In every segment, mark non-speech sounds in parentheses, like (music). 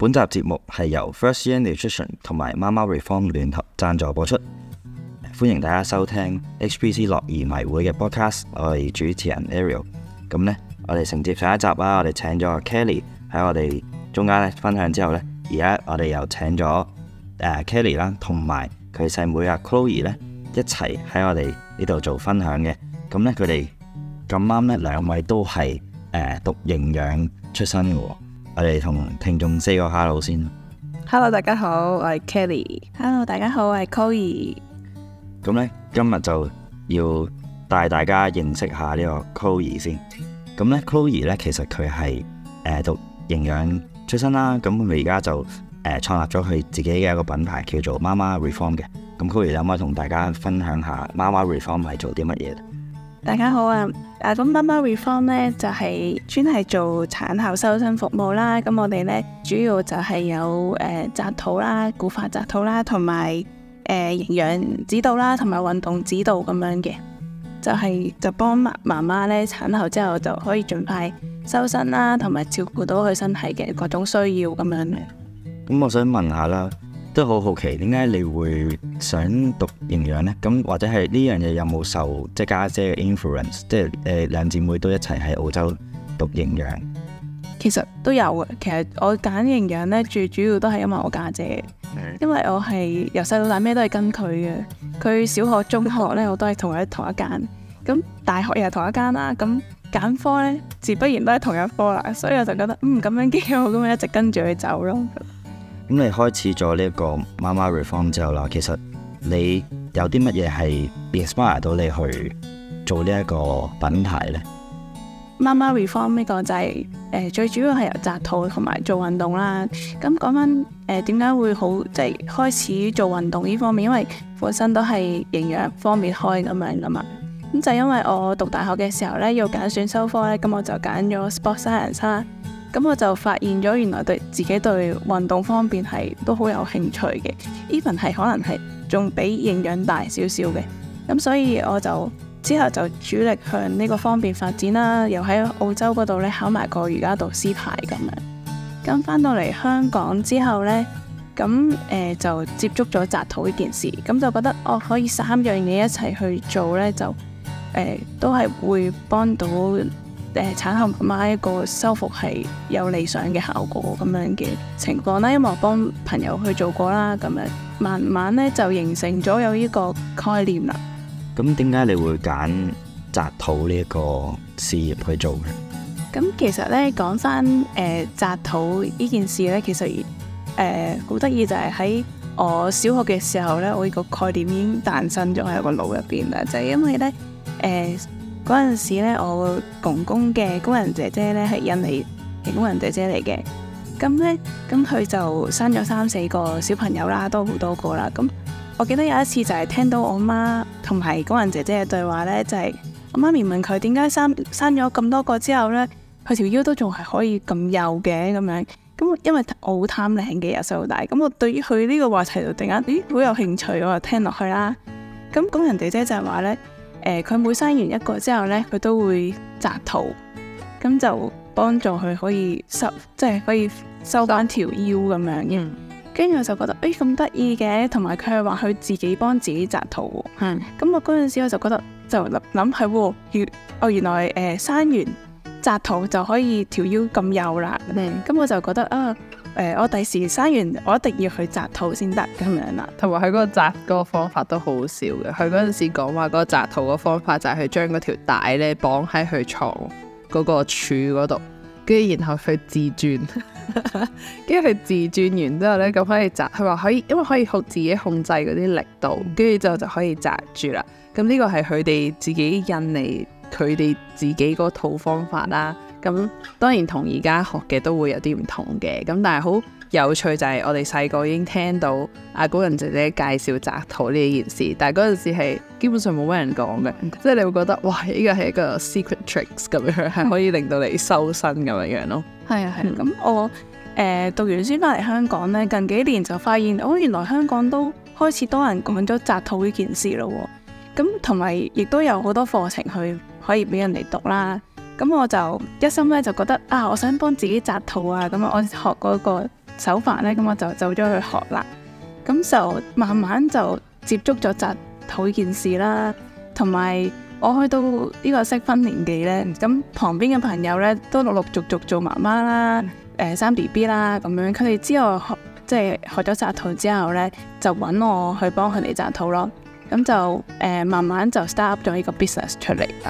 本集節目係由 First Year Nutrition 同埋 Mama Reform 聯合贊助播出，歡迎大家收聽 HPC 樂兒迷會嘅 podcast。我哋主持人 Ariel，咁呢，我哋承接上一集啊，我哋請咗 Kelly 喺我哋中間咧分享之後、呃、Kelly，妹妹呢，而家我哋又請咗誒 Kelly 啦，同埋佢細妹阿 Chloe 咧一齊喺我哋呢度做分享嘅。咁呢，佢哋咁啱呢兩位都係誒讀營養出身嘅。我哋同聽眾 say 個 hello 先。Hello，大家好，我係 Kelly。Hello，大家好，我係 Chloe。咁咧，今日就要帶大家認識下呢個 Chloe 先。咁咧，Chloe 咧，其實佢係誒讀營養出身啦。咁佢而家就誒創立咗佢自己嘅一個品牌叫做媽媽 Reform 嘅。咁 Chloe 有冇同大家分享下媽媽 Reform 係做啲乜嘢？大家好啊！啊，咁，媽媽 Reform 咧，就係專係做產後修身服務啦。咁我哋咧，主要就係有誒紮肚啦、古法紮肚啦，同埋誒營養指導啦，同埋運動指導咁樣嘅。就係、是、就幫媽媽媽咧，產後之後就可以盡快修身啦，同埋照顧到佢身體嘅各種需要咁樣嘅。咁、嗯、我想問下啦。都好好奇，點解你會想讀營養呢？咁或者係呢樣嘢有冇受即係家姐嘅 influence？即係誒、呃、兩姊妹都一齊喺澳洲讀營養，其實都有嘅。其實我揀營養呢，最主要都係因為我家姐，姐，嗯，因為我係由細到大咩都係跟佢嘅。佢小學、中學呢，我都係同佢同一間。咁大學又係同一間啦。咁揀科呢，自不然都係同一科啦。所以我就覺得，嗯，咁樣幾好，咁樣一直跟住佢走咯。咁你開始咗呢一個媽媽 reform 之後啦，其實你有啲乜嘢係 inspire 到你去做呢一個品牌呢？媽媽 reform 呢個就係、是呃、最主要係由紮肚同埋做運動啦。咁講翻誒點解會好即係、就是、開始做運動呢方面？因為本身都係營養方面開咁樣噶嘛。咁就因為我讀大學嘅時候呢，要揀選，選修科咧，咁我就揀咗 sport science。咁我就發現咗，原來對自己對運動方面係都好有興趣嘅，even 係可能係仲比營養大少少嘅。咁所以我就之後就主力向呢個方面發展啦，又喺澳洲嗰度呢考埋個瑜伽導師牌咁樣。咁翻到嚟香港之後呢，咁誒、呃、就接觸咗紮肚呢件事，咁就覺得哦可以三樣嘢一齊去做呢，就、呃、都係會幫到。誒產後媽媽一個修復係有理想嘅效果咁樣嘅情況啦，因為我幫朋友去做過啦，咁樣慢慢咧就形成咗有呢個概念啦。咁點解你會揀紮肚呢一個事業去做嘅？咁其實咧講返，誒紮、呃、肚呢件事咧，其實誒好得意就係喺我小學嘅時候咧，我呢個概念已經誕生咗喺我個腦入邊啦，就係、是、因為咧誒。呃嗰陣時咧，我公公嘅工人姐姐咧係印尼工人姐姐嚟嘅，咁咧咁佢就生咗三四個小朋友啦，都好多個啦。咁我記得有一次就係聽到我媽同埋工人姐姐嘅對話咧，就係我媽咪問佢點解生生咗咁多個之後咧，佢條腰都仲係可以咁幼嘅咁樣。咁因為我好貪靚嘅由細到大，咁我對於佢呢個話題就突然間咦好有興趣，我就聽落去啦。咁工人姐姐就係話咧。誒佢、呃、每生完一個之後咧，佢都會紮肚，咁就幫助佢可以收，即係可以收翻條腰咁樣嘅。跟住、嗯、我就覺得，誒咁得意嘅，同埋佢係話佢自己幫自己紮肚。係、嗯。咁我嗰陣時我就覺得，就諗諗喎，原哦原來誒生、呃、完紮肚就可以條腰咁幼啦。嗯。咁我就覺得啊～、哦誒、呃，我第時生完，我一定要去紮肚先得咁樣啦、啊。同埋佢嗰個紮個方法都好笑嘅。佢嗰陣時講話嗰個紮肚嘅方法就係將嗰條帶咧綁喺佢床嗰個柱嗰度，跟住然後去自轉，跟住佢自轉完之後咧咁可以紮。佢話可以，因為可以控自己控制嗰啲力度，跟住之後就可以紮住啦。咁呢個係佢哋自己印嚟，佢哋自己嗰套方法啦。咁當然同而家學嘅都會有啲唔同嘅，咁但係好有趣就係我哋細個已經聽到阿古人姐姐介紹紮肚呢件事，但係嗰陣時係基本上冇咩人講嘅，嗯、即係你會覺得哇，呢個係一個 secret tricks 咁樣，係可以令到你修身咁、嗯、樣咯。係啊、嗯，係。咁我誒讀完書翻嚟香港呢，近幾年就發現，哦，原來香港都開始多人講咗紮肚呢件事咯。咁同埋亦都有好多課程去可以俾人哋讀啦。嗯咁我就一心咧就覺得啊，我想幫自己紮肚啊！咁我學嗰個手法呢，咁我就走咗去學啦。咁就慢慢就接觸咗紮肚件事啦。同埋我去到呢個適婚年紀呢，咁旁邊嘅朋友呢，都陸陸續續做媽媽啦，誒、呃、生 B B 啦，咁樣佢哋知我學即係、就是、學咗紮肚之後呢，就揾我去幫佢哋紮肚咯。咁就誒、呃、慢慢就 start up 咗呢個 business 出嚟啦。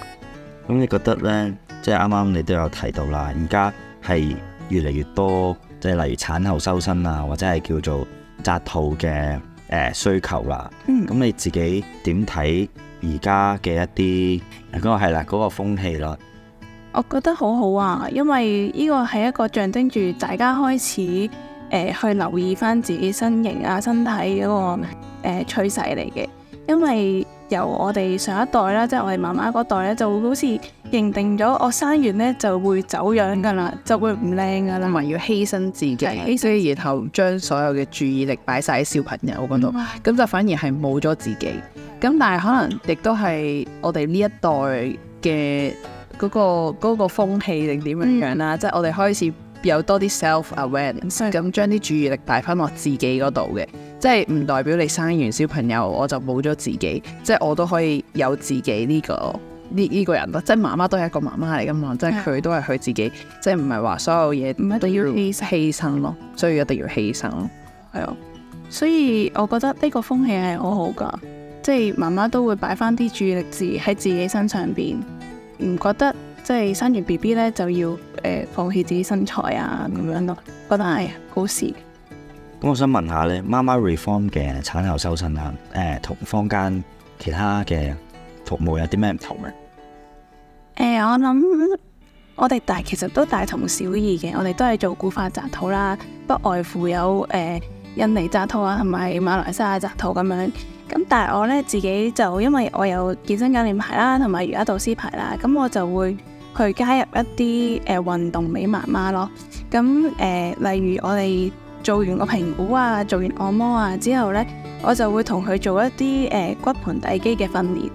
咁、嗯、你覺得呢？即係啱啱你都有提到啦，而家係越嚟越多，即係例如產後修身啊，或者係叫做紮肚嘅誒需求啦。咁、嗯、你自己點睇而家嘅一啲嗰個係啦，嗰、嗰個風氣咯？我覺得好好啊，因為呢個係一個象徵住大家開始誒、呃、去留意翻自己身形啊、身體嗰個誒趨、呃、勢嚟嘅，因為。由我哋上一代啦，即係我哋媽媽嗰代咧，就會好似認定咗我生完咧就會走樣噶啦，嗯、就會唔靚噶啦。同埋要犧牲自己，對犧牲然後將所有嘅注意力擺晒喺小朋友嗰度，咁、嗯、就反而係冇咗自己。咁但係可能亦都係我哋呢一代嘅嗰、個嗰、個風氣定點樣樣啦，即係、嗯、我哋開始有多啲 self awareness 咁將啲注意力擺返落自己嗰度嘅。即係唔代表你生完小朋友我就冇咗自己，即、就、係、是、我都可以有自己呢、這個呢呢個人咯。即係媽媽都係一個媽媽嚟噶嘛，即係佢都係佢自己，即係唔係話所有嘢一定要犧牲咯，所以，所以一定要犧牲咯，係啊。所以我覺得呢個風氣係好好噶，即係媽媽都會擺翻啲注意力喺自己身上邊，唔覺得即係、就是、生完 B B 咧就要誒、呃、放棄自己身材啊咁樣咯，覺得係好事。咁我想問下咧，媽媽 Reform 嘅產後修身啦，誒、呃、同坊間其他嘅服務有啲咩唔同咧？誒、欸，我諗我哋大其實都大同小異嘅，我哋都係做古法紮肚啦，不外乎有誒、呃、印尼紮肚啊，同埋馬來西亞紮肚咁樣。咁但係我咧自己就因為我有健身教練牌啦，同埋瑜伽導師牌啦，咁我就會去加入一啲誒、呃、運動畀媽媽咯。咁誒、呃，例如我哋。做完個評估啊，做完按摩啊之後呢，我就會同佢做一啲誒、呃、骨盆底肌嘅訓練，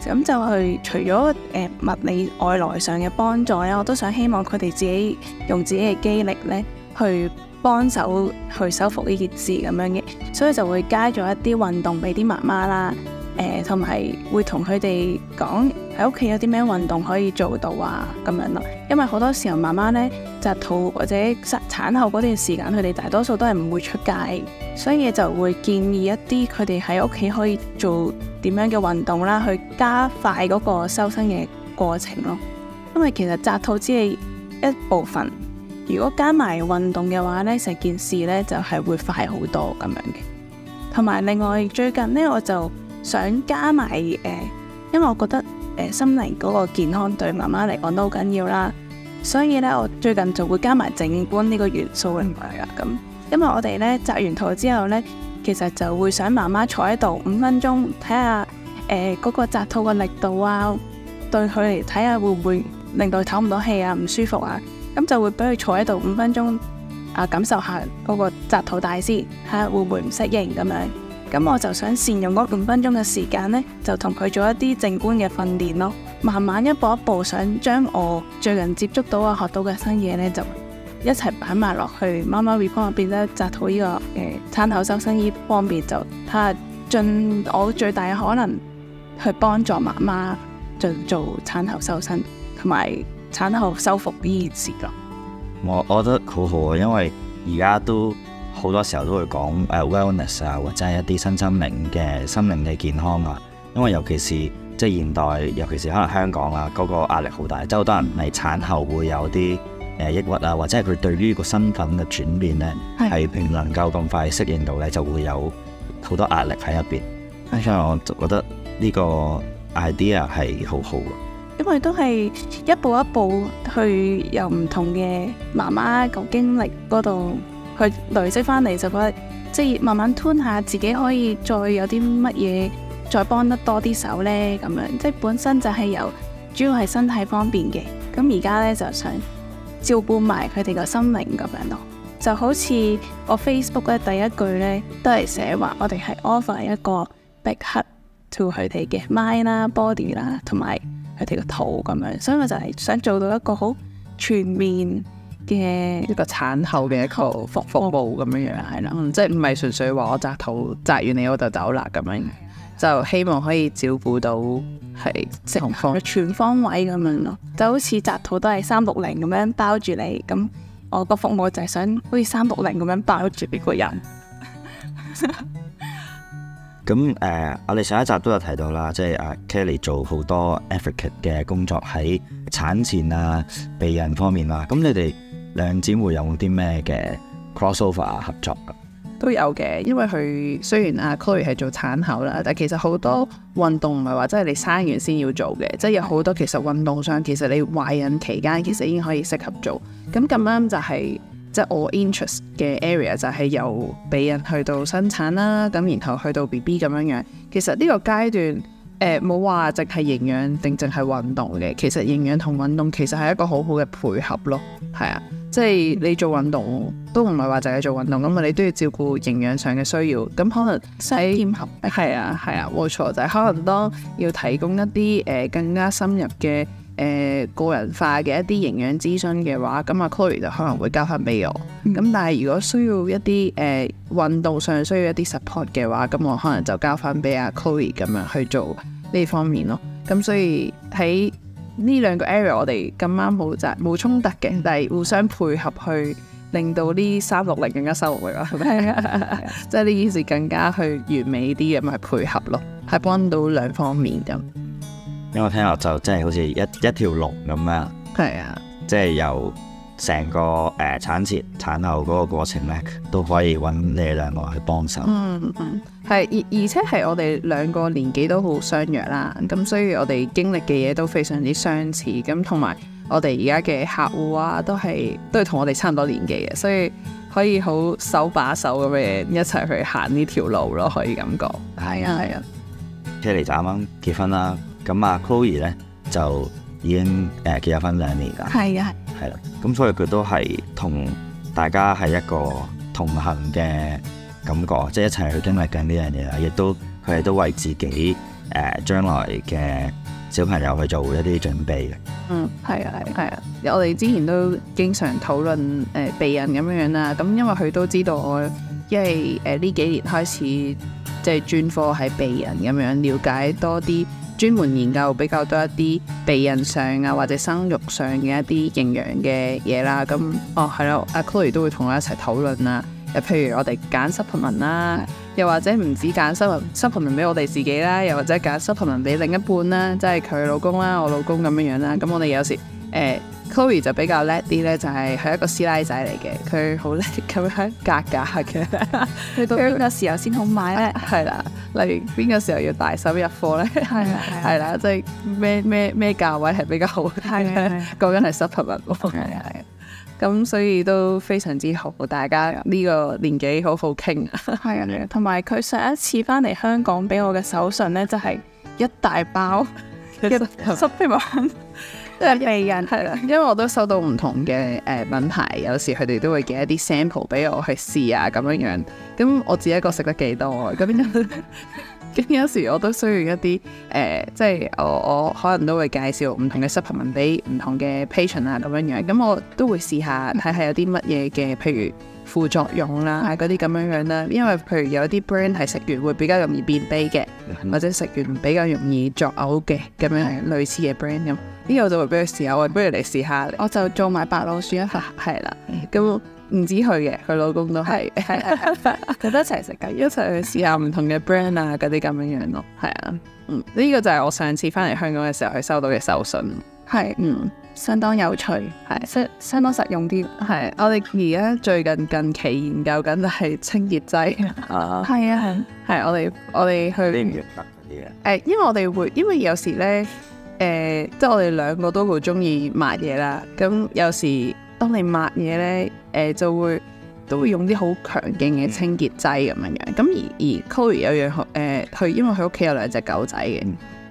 咁就去、係、除咗誒、呃、物理外來上嘅幫助咧，我都想希望佢哋自己用自己嘅肌力呢去幫手去修復呢件事咁樣嘅，所以就會加咗一啲運動俾啲媽媽啦，誒同埋會同佢哋講。喺屋企有啲咩運動可以做到啊？咁樣咯，因為好多時候媽媽呢，紮肚或者產後嗰段時間，佢哋大多數都係唔會出街，所以就會建議一啲佢哋喺屋企可以做點樣嘅運動啦，去加快嗰個收身嘅過程咯。因為其實紮肚只係一部分，如果加埋運動嘅話呢，成件事呢就係、是、會快好多咁樣嘅。同埋另外最近呢，我就想加埋誒、呃，因為我覺得。誒心靈嗰個健康對媽媽嚟講都好緊要啦，所以咧我最近就會加埋靜觀呢個元素嚟噶咁，嗯、因為我哋咧紮完肚之後咧，其實就會想媽媽坐喺度五分鐘，睇下誒嗰個紮肚嘅力度啊，對佢嚟睇下會唔會令到佢唞唔到氣啊、唔舒服啊，咁就會俾佢坐喺度五分鐘啊，感受下嗰個紮肚大師睇下會唔會唔適應咁樣。咁我就想善用嗰五分鐘嘅時間呢就同佢做一啲靜觀嘅訓練咯。慢慢一步一步想將我最近接觸到啊學到嘅新嘢呢，就一齊擺埋落去媽媽 Reform 入邊咧，集討呢個誒產、呃、後瘦身呢方面，就睇下盡我最大嘅可能去幫助媽媽做做產後瘦身同埋產後修復呢件事咯。我覺得好好啊，因為而家都。好多時候都會講誒、uh, wellness 啊，或者係一啲身心靈嘅、心靈嘅健康啊。因為尤其是即係現代，尤其是可能香港啊，嗰個，個壓力好大。就可能，係產後會有啲誒、呃、抑鬱啊，或者係佢對於個身份嘅轉變咧，係並唔能夠咁快適應到咧，就會有好多壓力喺入邊。是所以我就覺得呢個 idea 係好好嘅，因為都係一步一步去由唔同嘅媽媽個經歷嗰度。佢累積翻嚟，就覺得即係慢慢吞下自己可以再有啲乜嘢，再幫得多啲手呢。咁樣。即係本身就係由主要係身體方面嘅，咁而家呢，就想照顧埋佢哋個心靈咁樣咯。就好似我 Facebook 咧第一句呢，都係寫話，我哋係 offer 一個 big hug to 佢哋嘅 mind 啦、body 啦同埋佢哋個肚咁樣，所以我就係想做到一個好全面。嘅 Yeah. 一個產後嘅一個服服務，咁樣樣係啦，嗯嗯、即係唔係純粹話我摘肚摘完紮肚紮完你我就走啦，咁樣，就希望可以照顧到係即係全方位咁樣咯，就好似紮肚都係三六零咁樣包住你，咁我個服務就係想好似三六零咁樣包住呢個人。咁 (laughs) 誒 (laughs) ，uh, 我哋上一集都有提到啦，即係阿 Kelly 做好多 effort 嘅工作喺產前啊、避孕方面啦、啊，咁你哋。兩姊妹有冇啲咩嘅 crossover 合作？都有嘅，因為佢雖然阿 Chloe 係做產後啦，但其實好多運動唔係話真係你生完先要做嘅，即係有好多其實運動上，其實你懷孕期間其實已經可以適合做。咁，咁啱就係即係我 interest 嘅 area 就係由避孕去到生產啦，咁然後去到 BB 咁樣樣。其實呢個階段。誒冇話淨係營養定淨係運動嘅，其實營養同運動其實係一個好好嘅配合咯，係啊，即係你做運動都唔係話淨係做運動咁啊，你都要照顧營養上嘅需要，咁可能喺結合，係啊，係啊，冇錯，就係可能當要提供一啲誒更加深入嘅。誒、呃、個人化嘅一啲營養諮詢嘅話，咁阿 Chloe 就可能會交翻俾我。咁、嗯、但係如果需要一啲誒、呃、運動上需要一啲 support 嘅話，咁我可能就交翻俾阿 Chloe 咁樣去做呢方面咯。咁所以喺呢兩個 area 我哋咁啱冇爭冇衝突嘅，但係互相配合去令到呢三六零更加收落嚟咯，係咪？即係呢件事更加去完美啲咁係配合咯，係幫到兩方面咁。因為我聽落就真係好似一一條龍咁樣，係啊，即係由成個誒、呃、產前產後嗰個過程咧，都可以揾你哋兩個去幫手。嗯嗯，係而而且係我哋兩個年紀都好相若啦，咁所以我哋經歷嘅嘢都非常之相似，咁同埋我哋而家嘅客戶啊，都係都係同我哋差唔多年紀嘅，所以可以好手把手咁樣一齊去行呢條路咯，可以咁講。係啊係啊，啊 Kelly 就啱啱結婚啦、啊。咁啊，Chloe 咧就已經誒、呃、結咗婚兩年㗎，係啊的，係。係啦，咁所以佢都係同大家係一個同行嘅感覺，即係一齊去經歷緊呢樣嘢啦。亦都佢哋都為自己誒、呃、將來嘅小朋友去做一啲準備嘅。嗯，係啊係係啊！我哋之前都經常討論誒避孕咁樣啦。咁因為佢都知道我，因為誒呢、呃、幾年開始即係、就是、專科喺避孕咁樣了解多啲。專門研究比較多一啲避孕上啊，或者生育上嘅一啲營養嘅嘢啦。咁，哦係咯，阿 Chloe 都會同我一齊討論啦。又譬如我哋揀 supplement 啦，又或者唔止揀 supplement，supplement 俾我哋自己啦，又或者揀 supplement 俾另一半啦，即係佢老公啦，我老公咁樣樣啦。咁我哋有時誒、欸、Chloe 就比較叻啲咧，就係係一個師奶仔嚟嘅，佢好叻咁樣格格嘅。 (laughs) 去到嗰個時候先好買咧。係啦。嗯 honestly 例如邊個時候要大手入貨咧？係 (laughs) 啊的，係啦 (laughs) 的，即係咩咩咩價位係比較好？係啊， (laughs) 嗰陣係 supplement 喎。係啊， (laughs) 咁所以都非常之好，大家呢個年紀好好傾啊。係啊，同埋佢上一次翻嚟香港俾我嘅手信咧，就係一大包， (laughs) 一 supplement。 (laughs) 一 (laughs) 即係微人係啦，因為我都收到唔同嘅誒品牌，有時佢哋都會寄一啲 sample 俾我去試啊咁樣樣，咁我自己一個食得幾多咁樣，咁有，有時我都需要一啲誒、呃，即係我我可能都會介紹唔同嘅 supplement 俾唔同嘅 patient 啊咁樣樣，咁我都會試下睇下有啲乜嘢嘅，譬如副作用啦，嗰啲咁樣樣啦，因為譬如有啲 brand 係食完會比較容易便秘嘅，或者食完比較容易作嘔嘅咁樣類似嘅 brand 咁。呢個就會俾佢試下喎，不如你試下我就做埋白老鼠一份，係啦。咁唔止佢嘅，佢老公都係。係佢都一齊食㗎，一齊去試下唔同嘅 brand 啊，嗰啲咁樣樣咯。係啊，嗯，呢個就係我上次翻嚟香港嘅時候，佢收到嘅手信。係，嗯，相當有趣，係，相相當實用啲。係，我哋而家最近近期研究緊就係清潔劑啊，係啊，係。我哋我哋去。你唔啲啊？ (music) 因為我哋會，因為有時咧。誒、呃，即係我哋兩個都好中意抹嘢啦。咁有時當你抹嘢呢，誒、呃、就會都會用啲好強勁嘅清潔劑咁樣樣。咁而而 Chloe 有樣學佢，因為佢屋企有兩隻狗仔嘅，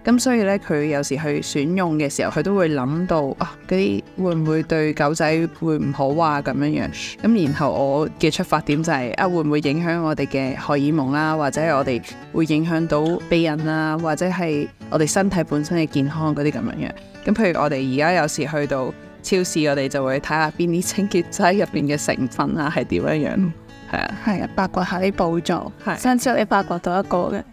咁所以呢，佢有時去選用嘅時候，佢都會諗到啊，嗰啲會唔會對狗仔會唔好啊咁樣樣。咁然後我嘅出發點就係、是、啊，會唔會影響我哋嘅荷爾蒙啦、啊，或者我哋會影響到鼻癢啊，或者係。我哋身體本身嘅健康嗰啲咁樣樣，咁譬如我哋而家有時去到超市，我哋就會睇下邊啲清潔劑入邊嘅成分啊，係點樣樣？係啊，係啊，八卦下啲寶藏。上次我哋挖掘到一個嘅。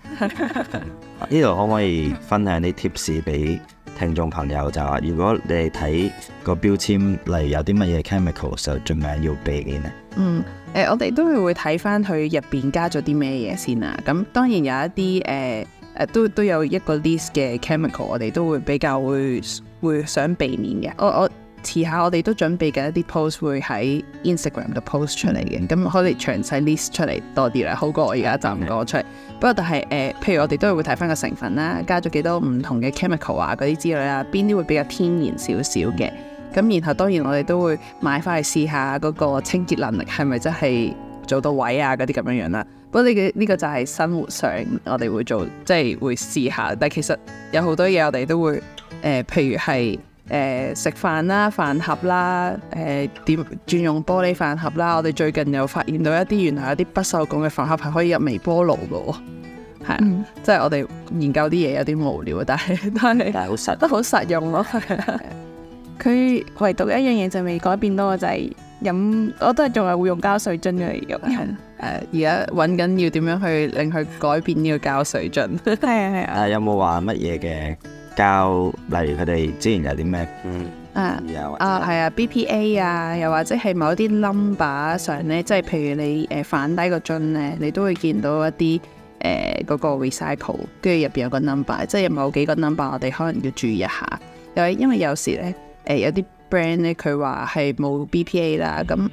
呢度可唔可以分享啲貼士俾聽眾朋友？就話如果你睇個標籤，例如有啲乜嘢 chemical，就盡量要避免呢？嗯，誒、呃，我哋都係會睇翻佢入邊加咗啲咩嘢先啊。咁當然有一啲誒。呃都都有一個 list 嘅 chemical，我哋都會比較會會想避免嘅。我我遲下我哋都準備嘅一啲 post 會喺 Instagram 度 post 出嚟嘅，咁可以詳細 list 出嚟多啲啦，好過我而家就唔講出嚟。不過但係誒、呃，譬如我哋都會睇翻個成分啦，加咗幾多唔同嘅 chemical 啊嗰啲之類啊，邊啲會比較天然少少嘅？咁然後當然我哋都會買翻嚟試下嗰個清潔能力係咪真係做到位啊嗰啲咁樣樣啦。不過呢個就係生活上我哋會做，即、就、係、是、會試下。但其實有好多嘢我哋都會誒、呃，譬如係誒、呃、食飯啦、飯盒啦、誒、呃、點轉用玻璃飯盒啦。我哋最近又發現到一啲原來有啲不鏽鋼嘅飯盒係可以入微波爐嘅喎，即係、嗯就是、我哋研究啲嘢有啲無聊，但係但係都好實都好實用咯。佢 (laughs) (laughs) 唯獨一樣嘢就未改變到，就係、是、飲我都係仲係會用膠水樽嘅嚟用。 (laughs) 誒而家揾緊要點樣去令佢改變呢個膠水樽？係啊，係啊。誒有冇話乜嘢嘅膠？例如佢哋之前有啲咩，嗯，啊，有啊，係啊 BPA 啊，又或者係某啲 number 上咧，即係譬如你誒、呃、反低個樽咧，你都會見到一啲誒嗰個 recycle，跟住入邊有個 number，即係有某幾個 number，我哋可能要注意一下。又因為有時咧誒、呃、有啲 brand 咧，佢話係冇 BPA 啦咁。嗯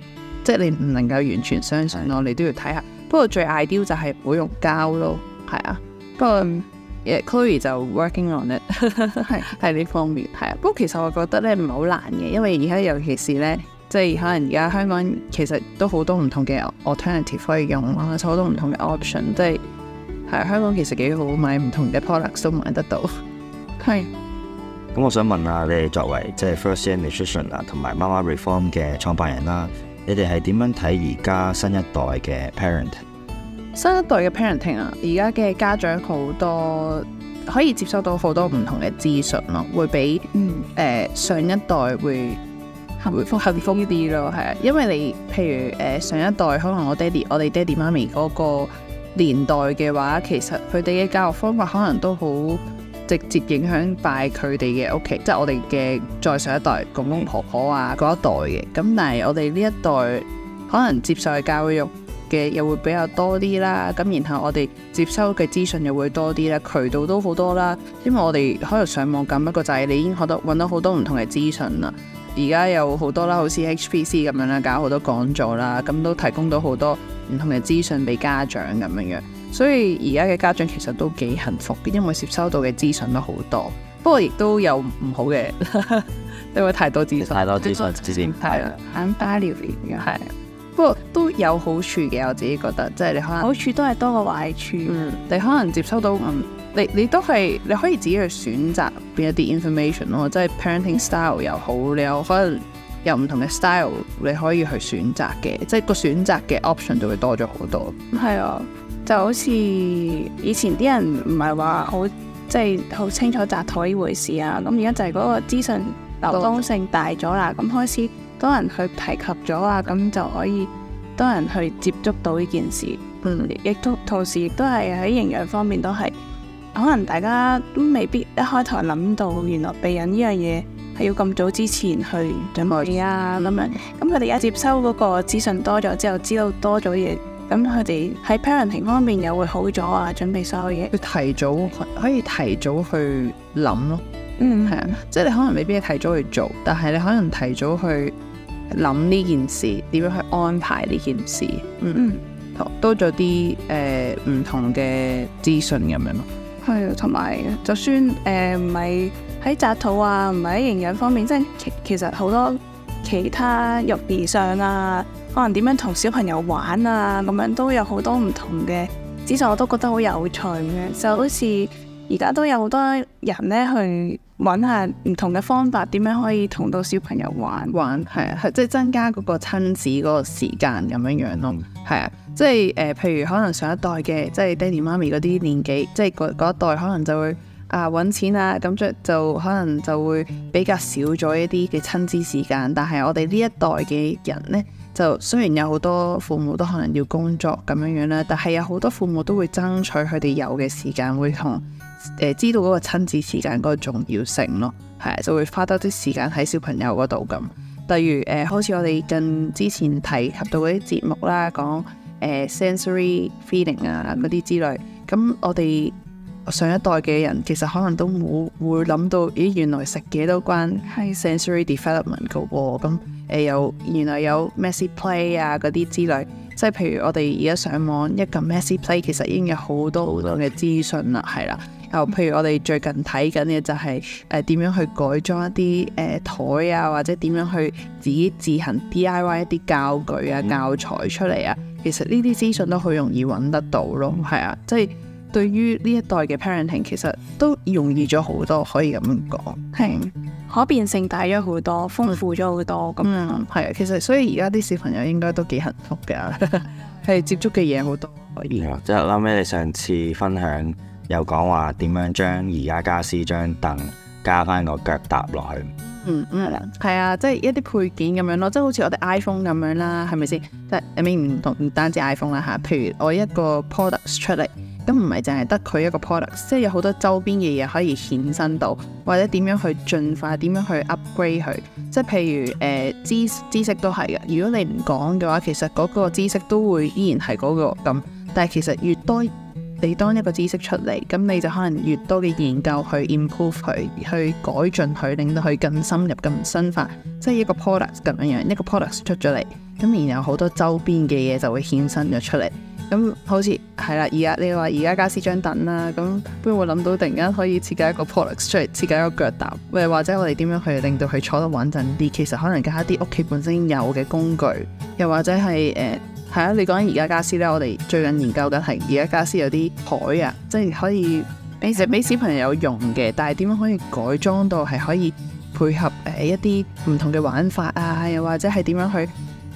即係你唔能夠完全相信咯，你都要睇下。不過最 ideal 就係唔好用膠咯，係啊。不過誒、um, yeah,，Chloe 就 working on it (laughs) 是，係係呢方面係啊。不過其實我覺得咧唔係好難嘅，因為而家尤其是咧，即係可能而家香港其實都好多唔同嘅 alternative 可以用啦，仲好多唔同嘅 option，即係係、啊、香港其實幾好買唔同嘅 products 都買得到。係、啊。咁我想問下、啊、你哋作為即係、就是、First Year Nutrition 啊同埋 Mama Reform 嘅創辦人啦。你哋係點樣睇而家新一代嘅 parenting？新一代嘅 parenting 啊，而家嘅家長好多可以接收到好多唔同嘅資訊咯，會比嗯誒、呃、上一代會,會幸福幸福啲咯，係啊，因為你譬如誒、呃、上一代可能我爹哋我哋爹哋媽咪嗰個年代嘅話，其實佢哋嘅教育方法可能都好。直接影響曬佢哋嘅屋企，即係我哋嘅再上一代公公婆婆啊嗰一代嘅。咁但係我哋呢一代可能接受嘅教育嘅又會比較多啲啦。咁然後我哋接收嘅資訊又會多啲啦，渠道都好多啦。因為我哋可能上網咁，不過就係你已經學到揾到好多唔同嘅資訊啦。而家有好多啦，好似 HPC 咁樣啦，搞好多講座啦，咁都提供到好多唔同嘅資訊俾家長咁樣。所以而家嘅家長其實都幾幸福，因為接收到嘅資訊都好多。不過亦都有唔好嘅， (laughs) 因為太多資訊，太多資訊，多資訊係眼花撩亂嘅。係，不過都有好處嘅，我自己覺得，即係你可能好處都係多過壞處，嗯。你可能接收到嗯，你你都係你可以自己去選擇邊一啲 information 咯，即係 parenting style 又好，你有可能有唔同嘅 style，你可以去選擇嘅，即係個選擇嘅 option 就會多咗好多。係啊。就好似以前啲人唔係話好，即係好清楚紮肚呢回事啊，咁而家就係嗰個資訊流動性大咗啦，咁了開始多人去提及咗啊，咁就可以多人去接觸到呢件事。嗯，亦都同時亦都係喺營養方面都係可能大家都未必一開頭諗到原來避孕呢樣嘢係要咁早之前去準備啊咁樣，咁佢哋一接收嗰個資訊多咗之後知道多咗嘢。咁佢哋喺 parenting 方面又會好咗啊，準備所有嘢，佢提早可以提早去諗咯。嗯，係啊，即係你可能未必係提早去做，但係你可能提早去諗呢件事，點樣去安排呢件事。嗯嗯，多咗啲誒唔同嘅資訊咁樣咯。係啊，同埋就算誒唔係喺紮肚啊，唔係喺營養方面，即係其實好多其他育兒上啊。可能點樣同小朋友玩啊咁樣，都有好多唔同嘅資訊，我都覺得好有趣嘅。就好似而家都有好多人咧去揾下唔同嘅方法，點樣可以同到小朋友玩玩，係啊，即係增加嗰個親子嗰個時間咁樣樣咯。係啊，即係誒，譬如可能上一代嘅，即係爹哋媽咪嗰啲年紀，即係嗰一代，可能就會啊揾錢啊咁，即就，就可能就會比較少咗一啲嘅親子時間。但係我哋呢一代嘅人咧。就雖然有好多父母都可能要工作咁樣樣啦，但係有好多父母都會爭取佢哋有嘅時間，會同誒、呃、知道嗰個親子時間嗰個重要性咯，係就會花多啲時間喺小朋友嗰度咁。例如誒、呃，好似我哋近之前睇合到嗰啲節目啦，講誒、呃、sensory feeling 啊嗰啲之類，咁我哋上一代嘅人其實可能都冇會諗到，咦原來食嘢都關係 sensory development 㗎喎咁。誒有、呃、原來有 Messy Play 啊嗰啲之類，即係譬如我哋而家上網一撳 Messy Play，其實已經有好多好多嘅資訊啦，係啦。又譬如我哋最近睇緊嘅就係誒點樣去改裝一啲誒台啊，或者點樣去自己自行 DIY 一啲教具啊、教材出嚟啊，其實呢啲資訊都好容易揾得到咯，係啊，即係。對於呢一代嘅 parenting，其實都容易咗好多，可以咁樣講，係是可變性大咗好多，豐富咗好多，咁係啊。其實所以而家啲小朋友應該都幾幸福㗎，係 (laughs) 接觸嘅嘢好多。係啊，即係後尾你上次分享又講話點樣將宜家家私張凳加翻個腳踏落去。嗯嗯，係、嗯、啊，即係、就是、一啲配件咁樣咯，即、就、係、是、好似我哋 iPhone 咁樣啦，係咪先？即係你唔同？唔單止 iPhone 啦、啊、吓？譬如我一個 products 出嚟。咁唔係淨係得佢一個 product，即係有好多周邊嘅嘢可以衍生到，或者點樣去進化、點樣去 upgrade 佢。即係譬如誒、呃、知知識都係嘅，如果你唔講嘅話，其實嗰個知識都會依然係嗰、嗰個咁。但係其實越多你當一個知識出嚟，咁你就可能越多嘅研究去 improve 佢，去改進佢，令到佢更深入、更深化。即係一個 product 咁樣樣，一、一個 product 出咗嚟，咁然後好多周邊嘅嘢就會衍生咗出嚟。咁、嗯、好似係啦，而家你話而家家私張凳啦、啊，咁不如我諗到突然間可以設計一個 product 出嚟，設計一個腳踏，或者我哋點樣去令到佢坐得穩陣啲？其實可能加下啲屋企本身有嘅工具，又或者係誒係啊，你講緊而家家私咧，我哋最近研究緊係而家家私有啲枱啊，即係可以俾俾小朋友用嘅，但係點樣可以改裝到係可以配合誒、呃、一啲唔同嘅玩法啊，又或者係點樣去？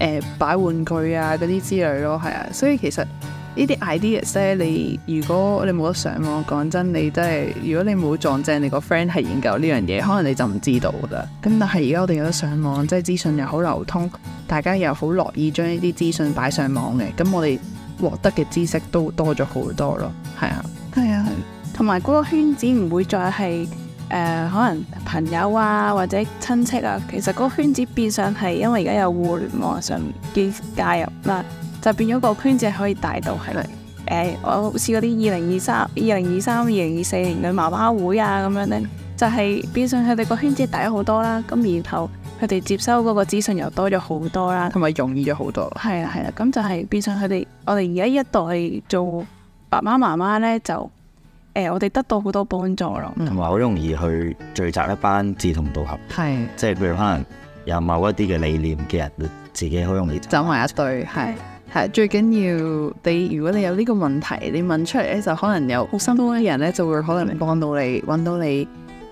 誒、欸、擺玩具啊嗰啲之類咯，係啊，所以其實呢啲 ideas 咧，你如果你冇得上網，講真，你真係如果你冇撞正你個 friend 係研究呢樣嘢，可能你就唔知道㗎。咁但係而家我哋有得上網，即係資訊又好流通，大家又好樂意將呢啲資訊擺上網嘅，咁我哋獲得嘅知識都多咗好多咯，係啊，係啊，同埋嗰個圈子唔會再係。誒、呃、可能朋友啊或者親戚啊，其實嗰個圈子變相係因為而家有互聯網上嘅介入啦，就變咗個圈子可以大到係誒的、欸，我好似啲二零二三、二零二三、二零二四年嘅媽媽會啊咁樣呢，就係、是、變相佢哋個圈子大咗好多啦。咁然後佢哋接收嗰個資訊又多咗好多啦，同埋容易咗好多。係啊係啊，咁就係變相佢哋，我哋而家一代做爸爸媽媽呢，就。誒、欸，我哋得到好多幫助咯，同埋好容易去聚集一班志同道合，係是，即係譬如可能有某一啲嘅理念嘅人，自己好容易走埋一對，係，係是最緊要你如果你有呢個問題，你問出嚟咧，就可能有好心嘅人咧，就會可能幫到你揾到你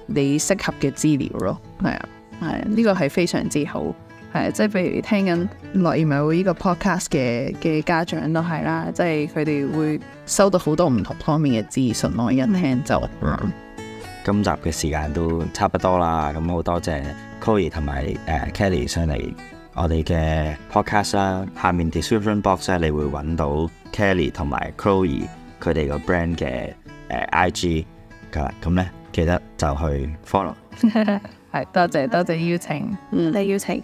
你適合嘅資料咯，係啊，係，呢、這個係非常之好。係，即係譬如聽緊樂兒迷會呢個 podcast 嘅嘅家長都係啦，即係佢哋會收到好多唔同方面嘅資訊，我一聽就。嗯、今集嘅時間都差不多啦，咁好多謝 Chloe 同、呃、埋誒 Kelly 上嚟我哋嘅 podcast 啦。下面 description box 咧、啊，你會搵到 Kelly 同埋 Chloe 佢哋個 brand 嘅誒、呃、IG 咁咧，記得就去 follow。係， (laughs) 多謝多謝邀請， (music) 你邀請。